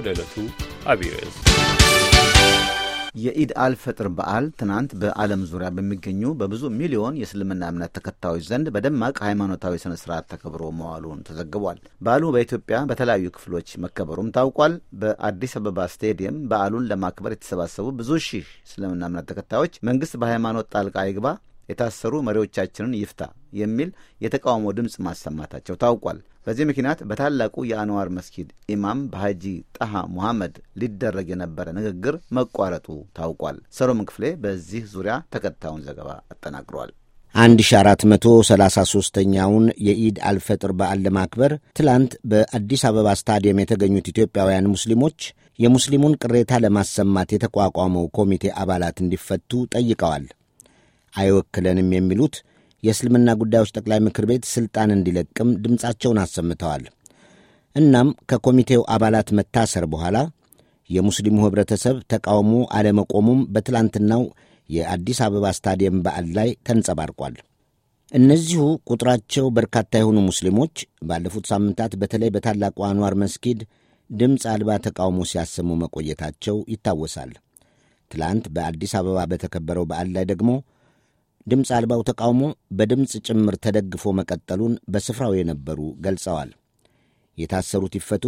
ወደ ዕለቱ አብይ የኢድ አልፈጥር በዓል ትናንት በዓለም ዙሪያ በሚገኙ በብዙ ሚሊዮን የእስልምና እምነት ተከታዮች ዘንድ በደማቅ ሃይማኖታዊ ስነ ስርዓት ተከብሮ መዋሉን ተዘግቧል። በዓሉ በኢትዮጵያ በተለያዩ ክፍሎች መከበሩም ታውቋል። በአዲስ አበባ ስቴዲየም በዓሉን ለማክበር የተሰባሰቡ ብዙ ሺህ እስልምና እምነት ተከታዮች መንግስት በሃይማኖት ጣልቃ ይግባ፣ የታሰሩ መሪዎቻችንን ይፍታ የሚል የተቃውሞ ድምፅ ማሰማታቸው ታውቋል። በዚህ ምክንያት በታላቁ የአንዋር መስጊድ ኢማም በሐጂ ጣሃ ሙሐመድ ሊደረግ የነበረ ንግግር መቋረጡ ታውቋል። ሰሎሞን ክፍሌ በዚህ ዙሪያ ተከታዩን ዘገባ አጠናቅሯል። 1433ኛውን የኢድ አልፈጥር በዓል ለማክበር ትላንት በአዲስ አበባ ስታዲየም የተገኙት ኢትዮጵያውያን ሙስሊሞች የሙስሊሙን ቅሬታ ለማሰማት የተቋቋመው ኮሚቴ አባላት እንዲፈቱ ጠይቀዋል። አይወክለንም የሚሉት የእስልምና ጉዳዮች ጠቅላይ ምክር ቤት ሥልጣን እንዲለቅም ድምፃቸውን አሰምተዋል። እናም ከኮሚቴው አባላት መታሰር በኋላ የሙስሊሙ ኅብረተሰብ ተቃውሞ አለመቆሙም በትላንትናው የአዲስ አበባ ስታዲየም በዓል ላይ ተንጸባርቋል። እነዚሁ ቁጥራቸው በርካታ የሆኑ ሙስሊሞች ባለፉት ሳምንታት በተለይ በታላቁ አንዋር መስጊድ ድምፅ አልባ ተቃውሞ ሲያሰሙ መቆየታቸው ይታወሳል። ትላንት በአዲስ አበባ በተከበረው በዓል ላይ ደግሞ ድምፅ አልባው ተቃውሞ በድምፅ ጭምር ተደግፎ መቀጠሉን በስፍራው የነበሩ ገልጸዋል። የታሰሩት ይፈቱ፣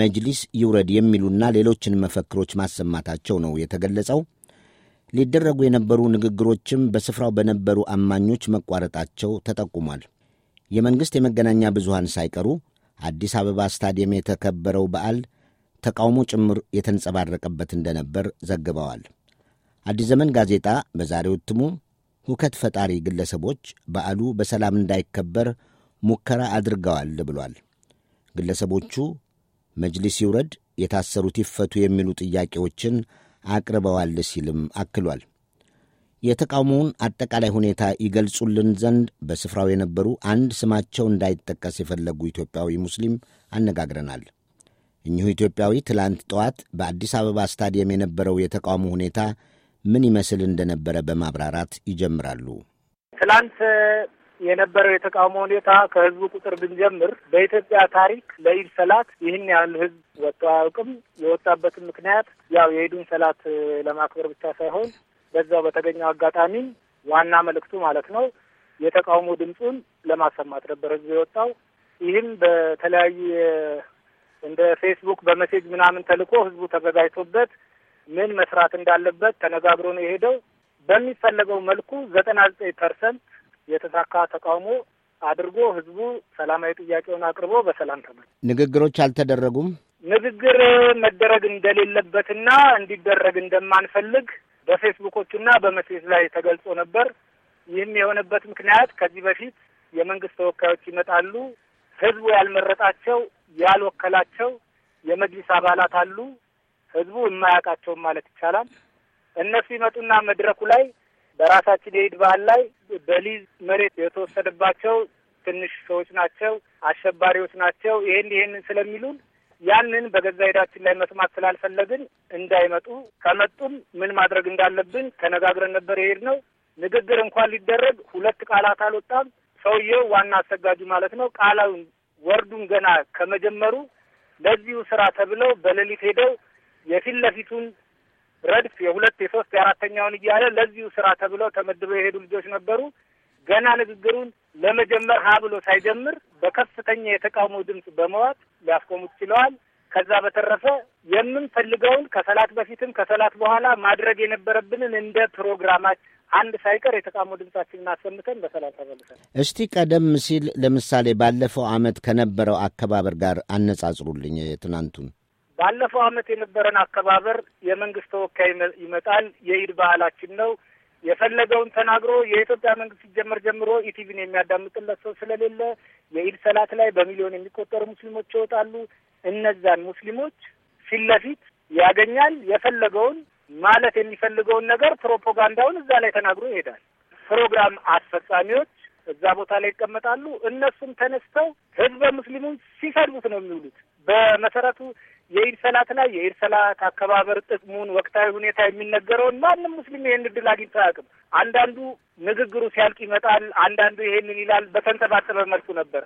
መጅሊስ ይውረድ የሚሉና ሌሎችን መፈክሮች ማሰማታቸው ነው የተገለጸው። ሊደረጉ የነበሩ ንግግሮችም በስፍራው በነበሩ አማኞች መቋረጣቸው ተጠቁሟል። የመንግሥት የመገናኛ ብዙሃን ሳይቀሩ አዲስ አበባ ስታዲየም የተከበረው በዓል ተቃውሞ ጭምር የተንጸባረቀበት እንደነበር ዘግበዋል። አዲስ ዘመን ጋዜጣ በዛሬው እትሙ ሁከት ፈጣሪ ግለሰቦች በዓሉ በሰላም እንዳይከበር ሙከራ አድርገዋል ብሏል። ግለሰቦቹ መጅሊስ ይውረድ፣ የታሰሩት ይፈቱ የሚሉ ጥያቄዎችን አቅርበዋል ሲልም አክሏል። የተቃውሞውን አጠቃላይ ሁኔታ ይገልጹልን ዘንድ በስፍራው የነበሩ አንድ ስማቸው እንዳይጠቀስ የፈለጉ ኢትዮጵያዊ ሙስሊም አነጋግረናል። እኚሁ ኢትዮጵያዊ ትላንት ጠዋት በአዲስ አበባ ስታዲየም የነበረው የተቃውሞ ሁኔታ ምን ይመስል እንደነበረ በማብራራት ይጀምራሉ። ትላንት የነበረው የተቃውሞ ሁኔታ ከህዝቡ ቁጥር ብንጀምር በኢትዮጵያ ታሪክ ለኢድ ሰላት ይህን ያህል ህዝብ ወጥቶ አያውቅም። የወጣበትን ምክንያት ያው የኢዱን ሰላት ለማክበር ብቻ ሳይሆን በዛው በተገኘው አጋጣሚ ዋና መልእክቱ ማለት ነው የተቃውሞ ድምፁን ለማሰማት ነበር ህዝቡ የወጣው። ይህም በተለያዩ እንደ ፌስቡክ በመሴጅ ምናምን ተልኮ ህዝቡ ተዘጋጅቶበት ምን መስራት እንዳለበት ተነጋግሮ ነው የሄደው። በሚፈለገው መልኩ ዘጠና ዘጠኝ ፐርሰንት የተሳካ ተቃውሞ አድርጎ ህዝቡ ሰላማዊ ጥያቄውን አቅርቦ በሰላም ተመል ንግግሮች አልተደረጉም። ንግግር መደረግ እንደሌለበትና እንዲደረግ እንደማንፈልግ በፌስቡኮችና በመሴጅ ላይ ተገልጾ ነበር። ይህም የሆነበት ምክንያት ከዚህ በፊት የመንግስት ተወካዮች ይመጣሉ። ህዝቡ ያልመረጣቸው ያልወከላቸው የመጅሊስ አባላት አሉ። ህዝቡ የማያውቃቸውም ማለት ይቻላል። እነሱ ይመጡና መድረኩ ላይ በራሳችን የኢድ በዓል ላይ በሊዝ መሬት የተወሰደባቸው ትንሽ ሰዎች ናቸው፣ አሸባሪዎች ናቸው፣ ይሄን ይሄንን ስለሚሉን ያንን በገዛ ሄዳችን ላይ መስማት ስላልፈለግን እንዳይመጡ ከመጡም ምን ማድረግ እንዳለብን ተነጋግረን ነበር የሄድነው። ንግግር እንኳን ሊደረግ ሁለት ቃላት አልወጣም። ሰውየው ዋና አሰጋጁ ማለት ነው ቃላውን ወርዱን ገና ከመጀመሩ ለዚሁ ስራ ተብለው በሌሊት ሄደው የፊት ለፊቱን ረድፍ የሁለት የሶስት የአራተኛውን እያለ ለዚሁ ስራ ተብለው ተመድበው የሄዱ ልጆች ነበሩ። ገና ንግግሩን ለመጀመር ሀ ብሎ ሳይጀምር በከፍተኛ የተቃውሞ ድምፅ በመዋጥ ሊያስቆሙት ችለዋል። ከዛ በተረፈ የምንፈልገውን ከሰላት በፊትም ከሰላት በኋላ ማድረግ የነበረብንን እንደ ፕሮግራማችን አንድ ሳይቀር የተቃውሞ ድምጻችንን አሰምተን በሰላም ተመልሰን። እስቲ ቀደም ሲል ለምሳሌ ባለፈው አመት ከነበረው አከባበር ጋር አነጻጽሩልኝ የትናንቱን ባለፈው ዓመት የነበረን አከባበር የመንግስት ተወካይ ይመጣል፣ የኢድ በዓላችን ነው የፈለገውን ተናግሮ የኢትዮጵያ መንግስት ሲጀመር ጀምሮ ኢቲቪን የሚያዳምጥለት ሰው ስለሌለ የኢድ ሰላት ላይ በሚሊዮን የሚቆጠሩ ሙስሊሞች ይወጣሉ። እነዛን ሙስሊሞች ፊት ለፊት ያገኛል። የፈለገውን ማለት የሚፈልገውን ነገር ፕሮፓጋንዳውን እዛ ላይ ተናግሮ ይሄዳል። ፕሮግራም አስፈጻሚዎች እዛ ቦታ ላይ ይቀመጣሉ። እነሱም ተነስተው ህዝበ ሙስሊሙን ሲሰድቡት ነው የሚውሉት። በመሰረቱ የኢድ ሰላት ላይ የኢድ ሰላት አከባበር ጥቅሙን፣ ወቅታዊ ሁኔታ የሚነገረውን ማንም ሙስሊም ይሄን እድል አግኝቶ አያውቅም። አንዳንዱ ንግግሩ ሲያልቅ ይመጣል፣ አንዳንዱ ይሄንን ይላል። በተንተባተበ መልኩ ነበር።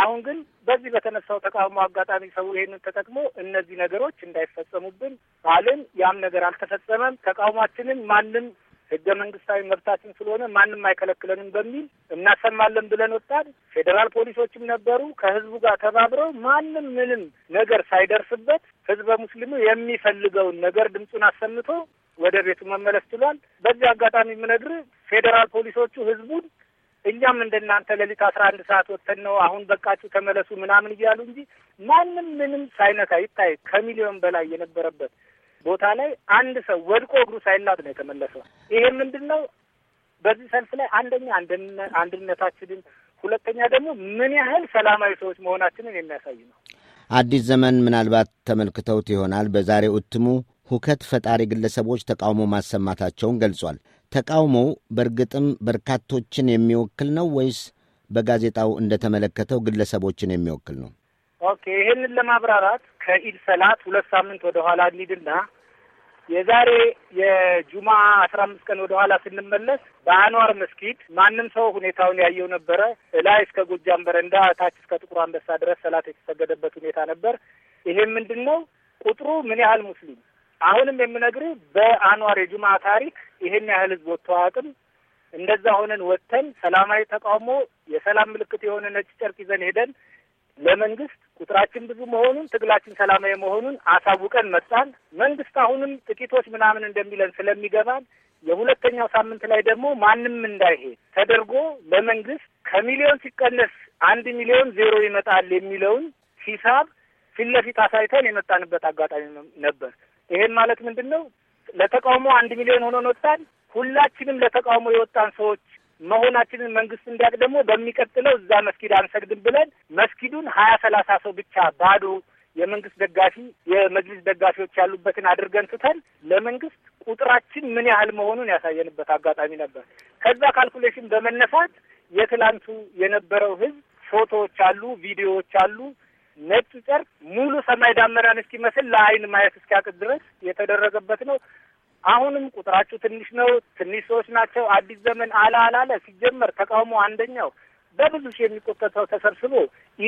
አሁን ግን በዚህ በተነሳው ተቃውሞ አጋጣሚ ሰው ይሄንን ተጠቅሞ እነዚህ ነገሮች እንዳይፈጸሙብን ባልን ያም ነገር አልተፈጸመም። ተቃውሟችንን ማንም ህገ መንግስታዊ መብታችን ስለሆነ ማንም አይከለክለንም በሚል እናሰማለን ብለን ወጣን። ፌዴራል ፖሊሶችም ነበሩ ከህዝቡ ጋር ተባብረው ማንም ምንም ነገር ሳይደርስበት ህዝበ ሙስሊሙ የሚፈልገውን ነገር ድምፁን አሰምቶ ወደ ቤቱ መመለስ ችሏል። በዚህ አጋጣሚ የምነግርህ ፌዴራል ፖሊሶቹ ህዝቡን እኛም እንደናንተ ሌሊት አስራ አንድ ሰዓት ወጥተን ነው አሁን በቃችሁ ተመለሱ ምናምን እያሉ እንጂ ማንም ምንም ሳይነካ ይታይ ከሚሊዮን በላይ የነበረበት ቦታ ላይ አንድ ሰው ወድቆ እግሩ ሳይላጥ ነው የተመለሰው። ይሄ ምንድን ነው? በዚህ ሰልፍ ላይ አንደኛ አንድነታችንን፣ ሁለተኛ ደግሞ ምን ያህል ሰላማዊ ሰዎች መሆናችንን የሚያሳይ ነው። አዲስ ዘመን ምናልባት ተመልክተውት ይሆናል። በዛሬው እትሙ ሁከት ፈጣሪ ግለሰቦች ተቃውሞ ማሰማታቸውን ገልጿል። ተቃውሞው በእርግጥም በርካቶችን የሚወክል ነው ወይስ በጋዜጣው እንደተመለከተው ግለሰቦችን የሚወክል ነው? ኦኬ፣ ይህንን ለማብራራት ከኢድ ሰላት ሁለት ሳምንት ወደ ኋላ እንሂድና የዛሬ የጁማ አስራ አምስት ቀን ወደ ኋላ ስንመለስ በአንዋር መስጊድ ማንም ሰው ሁኔታውን ያየው ነበረ። እላይ እስከ ጎጃም በረንዳ፣ እታች እስከ ጥቁር አንበሳ ድረስ ሰላት የተሰገደበት ሁኔታ ነበር። ይሄም ምንድን ነው ቁጥሩ ምን ያህል ሙስሊም አሁንም የምነግርህ በአንዋር የጁማ ታሪክ ይሄን ያህል ህዝብ ወጥቶ አያውቅም። እንደዛ ሆነን ወጥተን ሰላማዊ ተቃውሞ የሰላም ምልክት የሆነ ነጭ ጨርቅ ይዘን ሄደን ለመንግስት ቁጥራችን ብዙ መሆኑን ትግላችን ሰላማዊ መሆኑን አሳውቀን መጣን። መንግስት አሁንም ጥቂቶች ምናምን እንደሚለን ስለሚገባን የሁለተኛው ሳምንት ላይ ደግሞ ማንም እንዳይሄድ ተደርጎ ለመንግስት ከሚሊዮን ሲቀነስ አንድ ሚሊዮን ዜሮ ይመጣል የሚለውን ሂሳብ ፊት ለፊት አሳይተን የመጣንበት አጋጣሚ ነበር። ይሄን ማለት ምንድን ነው? ለተቃውሞ አንድ ሚሊዮን ሆኖን ወጣን። ሁላችንም ለተቃውሞ የወጣን ሰዎች መሆናችንን መንግስት እንዲያውቅ ደግሞ በሚቀጥለው እዛ መስጊድ አንሰግድም ብለን መስጊዱን ሀያ ሰላሳ ሰው ብቻ ባዶ የመንግስት ደጋፊ የመጅሊስ ደጋፊዎች ያሉበትን አድርገን ትተን ለመንግስት ቁጥራችን ምን ያህል መሆኑን ያሳየንበት አጋጣሚ ነበር። ከዛ ካልኩሌሽን በመነሳት የትላንቱ የነበረው ህዝብ ፎቶዎች አሉ፣ ቪዲዮዎች አሉ። ነጭ ጨርቅ ሙሉ ሰማይ ዳመራን እስኪመስል ለአይን ማየት እስኪያቅት ድረስ የተደረገበት ነው። አሁንም ቁጥራችሁ ትንሽ ነው፣ ትንሽ ሰዎች ናቸው። አዲስ ዘመን አለ አላለ ሲጀመር ተቃውሞ አንደኛው በብዙ ሺህ የሚቆጠተው ተሰብስቦ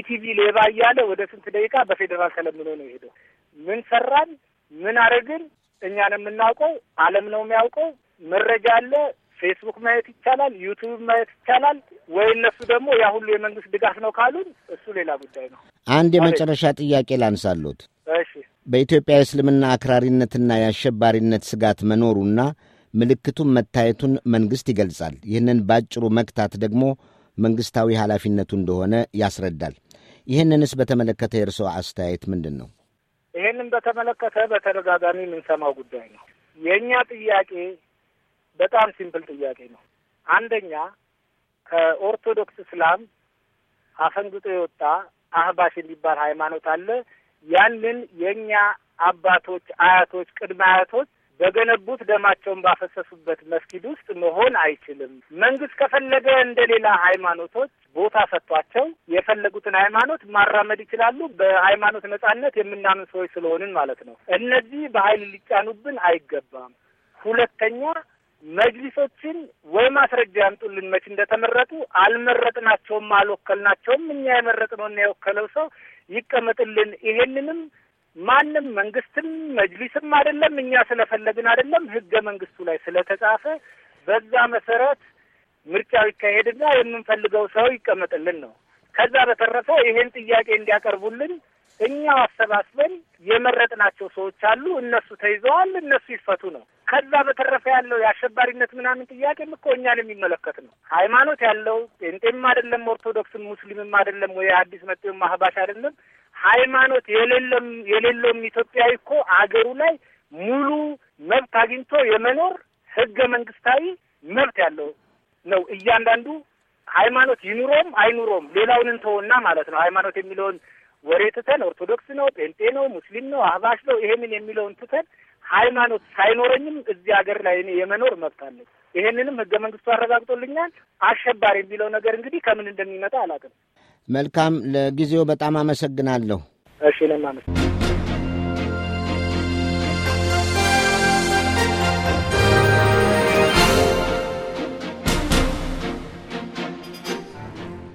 ኢቲቪ ሌባ እያለ ወደ ስንት ደቂቃ በፌዴራል ተለምኖ ነው የሄደው። ምን ሰራን? ምን አረግን? እኛ ነው የምናውቀው። ዓለም ነው የሚያውቀው። መረጃ አለ። ፌስቡክ ማየት ይቻላል። ዩቱብ ማየት ይቻላል። ወይ እነሱ ደግሞ ያ ሁሉ የመንግስት ድጋፍ ነው ካሉን እሱ ሌላ ጉዳይ ነው። አንድ የመጨረሻ ጥያቄ ላንሳሉት። በኢትዮጵያ የእስልምና አክራሪነትና የአሸባሪነት ስጋት መኖሩና ምልክቱን መታየቱን መንግሥት ይገልጻል። ይህንን ባጭሩ መክታት ደግሞ መንግሥታዊ ኃላፊነቱ እንደሆነ ያስረዳል። ይህንንስ በተመለከተ የእርስዎ አስተያየት ምንድን ነው? ይህንን በተመለከተ በተደጋጋሚ የምንሰማው ጉዳይ ነው። የእኛ ጥያቄ በጣም ሲምፕል ጥያቄ ነው። አንደኛ ከኦርቶዶክስ እስላም አፈንግጦ የወጣ አህባሽ የሚባል ሃይማኖት አለ። ያንን የእኛ አባቶች፣ አያቶች፣ ቅድመ አያቶች በገነቡት ደማቸውን ባፈሰሱበት መስጊድ ውስጥ መሆን አይችልም። መንግስት ከፈለገ እንደ ሌላ ሃይማኖቶች ቦታ ሰጥቷቸው የፈለጉትን ሃይማኖት ማራመድ ይችላሉ። በሃይማኖት ነጻነት የምናምን ሰዎች ስለሆንን ማለት ነው። እነዚህ በኃይል ሊጫኑብን አይገባም። ሁለተኛ መጅሊሶችን ወይ ማስረጃ ያምጡልን መች እንደተመረጡ። አልመረጥናቸውም፣ አልወከልናቸውም። እኛ እና የወከለው ሰው ይቀመጥልን። ይሄንንም ማንም መንግስትም መጅሊስም አይደለም እኛ ስለፈለግን አይደለም፣ ህገ መንግስቱ ላይ ስለተጻፈ በዛ መሰረት ምርጫው ይካሄድና የምንፈልገው ሰው ይቀመጥልን ነው። ከዛ በተረፈ ይሄን ጥያቄ እንዲያቀርቡልን እኛው አሰባስበን የመረጥናቸው ሰዎች አሉ። እነሱ ተይዘዋል፣ እነሱ ይፈቱ ነው። ከዛ በተረፈ ያለው የአሸባሪነት ምናምን ጥያቄም እኮ እኛን የሚመለከት ነው። ሃይማኖት ያለው ጴንጤም አይደለም፣ ኦርቶዶክስም ሙስሊምም አይደለም፣ ወይ አዲስ መጤም ማህባሽ አይደለም። ሃይማኖት የሌለም የሌለውም ኢትዮጵያዊ እኮ አገሩ ላይ ሙሉ መብት አግኝቶ የመኖር ህገ መንግስታዊ መብት ያለው ነው እያንዳንዱ ሃይማኖት ይኑሮም አይኑሮም ሌላውን እንተወና ማለት ነው ሃይማኖት የሚለውን ወሬ ትተን ኦርቶዶክስ ነው፣ ጴንጤ ነው፣ ሙስሊም ነው፣ አህባሽ ነው ይሄንን የሚለውን ትተን ሃይማኖት ሳይኖረኝም እዚህ ሀገር ላይ እኔ የመኖር መብት አለኝ። ይሄንንም ህገ መንግስቱ አረጋግጦልኛል። አሸባሪ የሚለው ነገር እንግዲህ ከምን እንደሚመጣ አላውቅም። መልካም፣ ለጊዜው በጣም አመሰግናለሁ። እሺ ለማመስ